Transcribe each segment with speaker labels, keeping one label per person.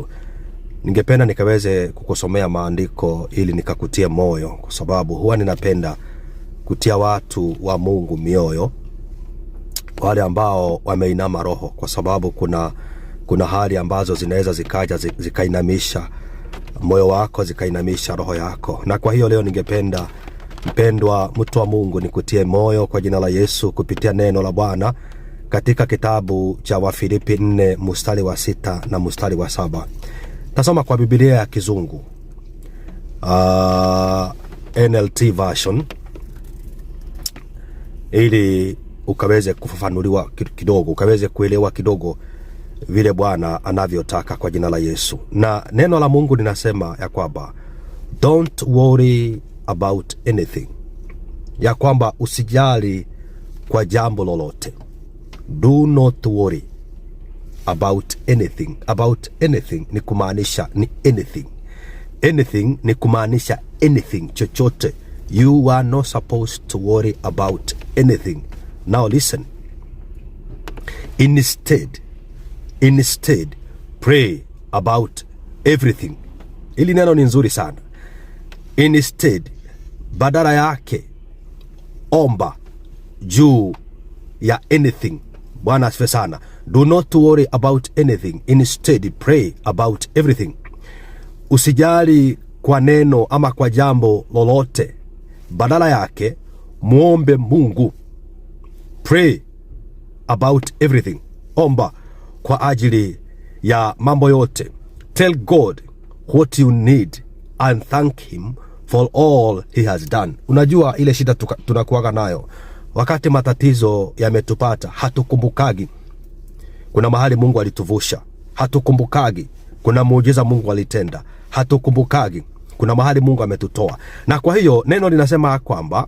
Speaker 1: Yesu. Ningependa nikaweze kukusomea maandiko ili nikakutie moyo, kwa sababu huwa ninapenda kutia watu wa Mungu mioyo, wale ambao wameinama roho, kwa sababu kuna, kuna hali ambazo zinaweza zikaja zikainamisha moyo wako zikainamisha roho yako. Na kwa hiyo leo ningependa mpendwa mtu wa Mungu nikutie moyo kwa jina la Yesu kupitia neno la Bwana katika kitabu cha Wafilipi 4 mustari wa sita na mustari wa saba. Tasoma kwa Biblia ya Kizungu, uh, ah, NLT version ili ukaweze kufafanuliwa kidogo, ukaweze kuelewa kidogo vile Bwana anavyotaka kwa jina la Yesu. Na neno la Mungu linasema ya kwamba don't worry about anything, ya kwamba usijali kwa jambo lolote do not worry about anything. About anything ni kumaanisha ni anything. Anything ni kumaanisha anything, chochote. You are not supposed to worry about anything. Now listen. Instead, instead pray about everything. ili neno ni nzuri sana. Instead, badala yake omba juu ya anything Bwana asifiwe sana. Do not worry about anything, instead pray about everything. Usijali kwa neno ama kwa jambo lolote, badala yake mwombe Mungu. Pray about everything, omba kwa ajili ya mambo yote. Tell God what you need and thank him for all he has done. Unajua ile shida tunakuwaga nayo Wakati matatizo yametupata hatukumbukagi kuna mahali Mungu alituvusha, hatukumbukagi kuna muujiza Mungu alitenda, hatukumbukagi kuna mahali Mungu ametutoa. Na kwa hiyo neno linasema kwamba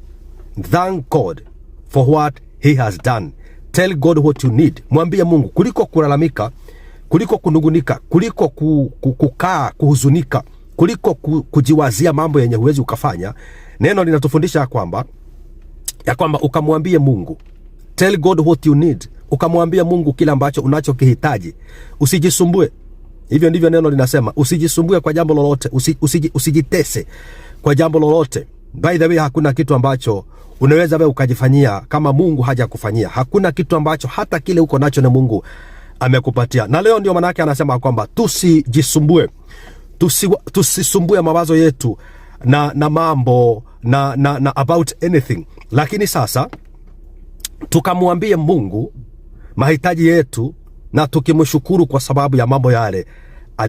Speaker 1: thank God for what he has done, tell God what you need. Mwambie Mungu kuliko kulalamika, kuliko kunugunika, kuliko kukaa kuhuzunika, kuliko kujiwazia mambo yenye huwezi ukafanya. Neno linatufundisha kwamba ya kwamba ukamwambie Mungu, tell God what you need, ukamwambia Mungu kila ambacho unachokihitaji. Usijisumbue, hivyo ndivyo neno linasema, usijisumbue kwa jambo lolote, usi, usiji, usijitese kwa jambo lolote. By the way, hakuna kitu ambacho unaweza wewe ukajifanyia kama Mungu hajakufanyia. Hakuna kitu ambacho hata kile uko nacho na Mungu amekupatia. Na leo ndio manake anasema kwamba tusijisumbue, Tusi, tusisumbue mawazo yetu na, na mambo na, na, na about anything lakini sasa tukamwambie Mungu mahitaji yetu na tukimshukuru kwa sababu ya mambo yale